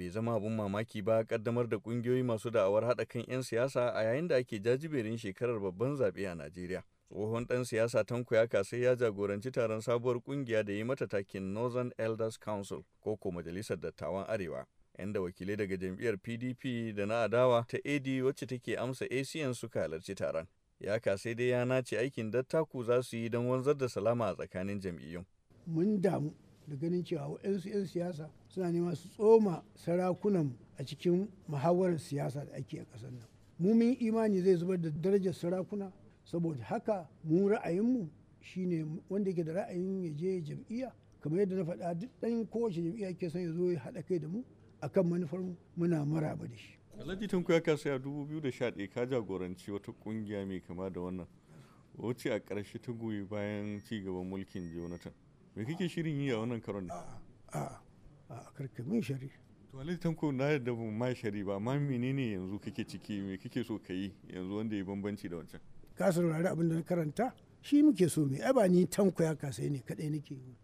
bai zama abun mamaki ba kaddamar da kungiyoyi masu da'awar haɗa kan 'yan siyasa a yayin da ake jajiberin shekarar babban zaɓe a Najeriya. Tsohon ɗan siyasa Tanko ya sai ya jagoranci taron sabuwar kungiya da yi mata takin Northern Elders Council ko ko Majalisar Dattawan Arewa. 'Yan da wakilai daga jam'iyyar PDP da na adawa ta AD wacce take amsa ACN suka halarci taron. ya sai dai ya nace aikin dattaku za su yi don wanzar da salama a tsakanin jam'iyyun. Mun damu da ganin cewa waɗansu 'yan siyasa suna nema su tsoma sarakunan a cikin muhawarar siyasa da ake a ƙasar nan mu mun imani zai zubar da darajar sarakuna saboda haka mu ra'ayinmu shine wanda yake da ra'ayin ya je jam'iyya kamar yadda na faɗa duk ɗan kowace jam'iyya ke son ya zo ya haɗa kai da mu akan manufar mu muna maraba da shi alhaji tunku ya kasa ya 2011 ka jagoranci wata kungiya mai kama da wannan wuce a ƙarshe ta goyi bayan ci gaban mulkin jonathan me kake shirin yi a wannan karon ne a a karka shari to tanko na yadda ban ma shari ba amma menene yanzu kake ciki me kake so ka yanzu wanda ya bambanci da wancan ka saurari abin da na karanta shi muke so me ai ba ni tanko ya kasai ne kadai nake yi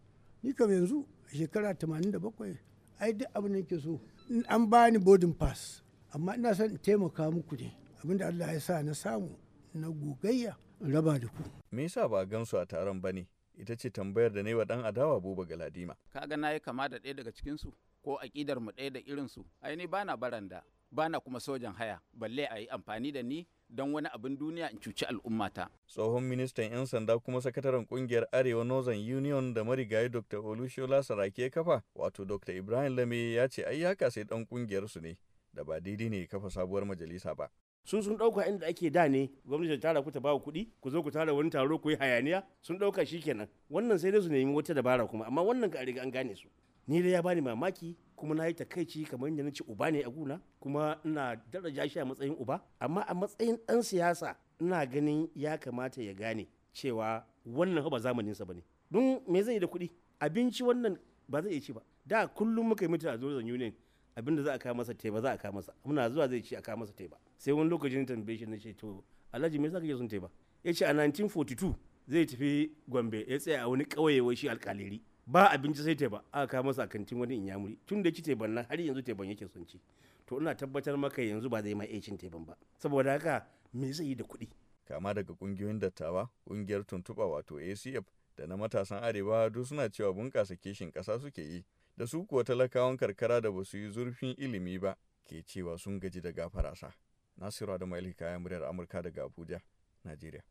ni kam yanzu a shekara 87 ai duk abin da nake so an bani boarding pass amma ina son in taimaka muku ne abinda Allah ya sa na samu na gogayya in raba da ku me yasa ba gansu a taron ba ne. ita ce tambayar da na yi wa ɗan adawa Buba Galadima. Kaga na yi kama da ɗaya daga cikinsu ko aƙidar mu ɗaya da irinsu, ai ni bana baranda, bana kuma sojan haya, balle a yi amfani da ni don wani abin duniya in cuci al'ummata. Tsohon ministan 'yan sanda kuma sakataren kungiyar Arewa Northern Union da marigayi Dr. Olushola Sarake kafa, wato Dr. Ibrahim Lame ya ce ai haka sai dan kungiyar su ne, da ba daidai ne kafa sabuwar majalisa ba. Sun sun dauka inda ake da ne gwamnati ta tara ku ta bawa kuɗi ku zo ku tara wani taro ku yi hayaniya sun dauka kenan wannan sai dai su nemi wata dabara kuma amma wannan ka riga an gane su ni dai ya bani mamaki kuma na yi takaici kamar yadda na ci uba ne a guna kuma ina daraja shi a matsayin uba amma a matsayin ɗan siyasa ina ganin ya kamata ya gane cewa wannan ba zamanin ba ne don me zai yi da kuɗi abinci wannan ba zai iya ci ba da kullum muka yi mutu a zuwa union abin da za a kawo masa teba za a kawo masa muna zuwa zai ce a kawo masa teba sai wani lokacin tambaye shi na ce to alhaji me yasa sun son teba ya ce a 1942 zai tafi gombe ya tsaya a wani ƙauye wai shi alƙaliri ba abinci sai teba a kawo masa a kantin wani inyamuri tun da ci teban nan har yanzu teban yake son ci to ina tabbatar maka yanzu ba zai ma cin teban ba saboda haka me zai yi da kuɗi kama daga kungiyoyin dattawa kungiyar tuntuɓa wato acf da na matasan arewa duk suna cewa bunƙasa kishin ƙasa suke yi da su kuwa talakawan karkara da ba su yi zurfin ilimi ba ke cewa sun gaji da gafara sa, Nasiru Adamu Alhika ya muryar Amurka daga Abuja, Najeriya.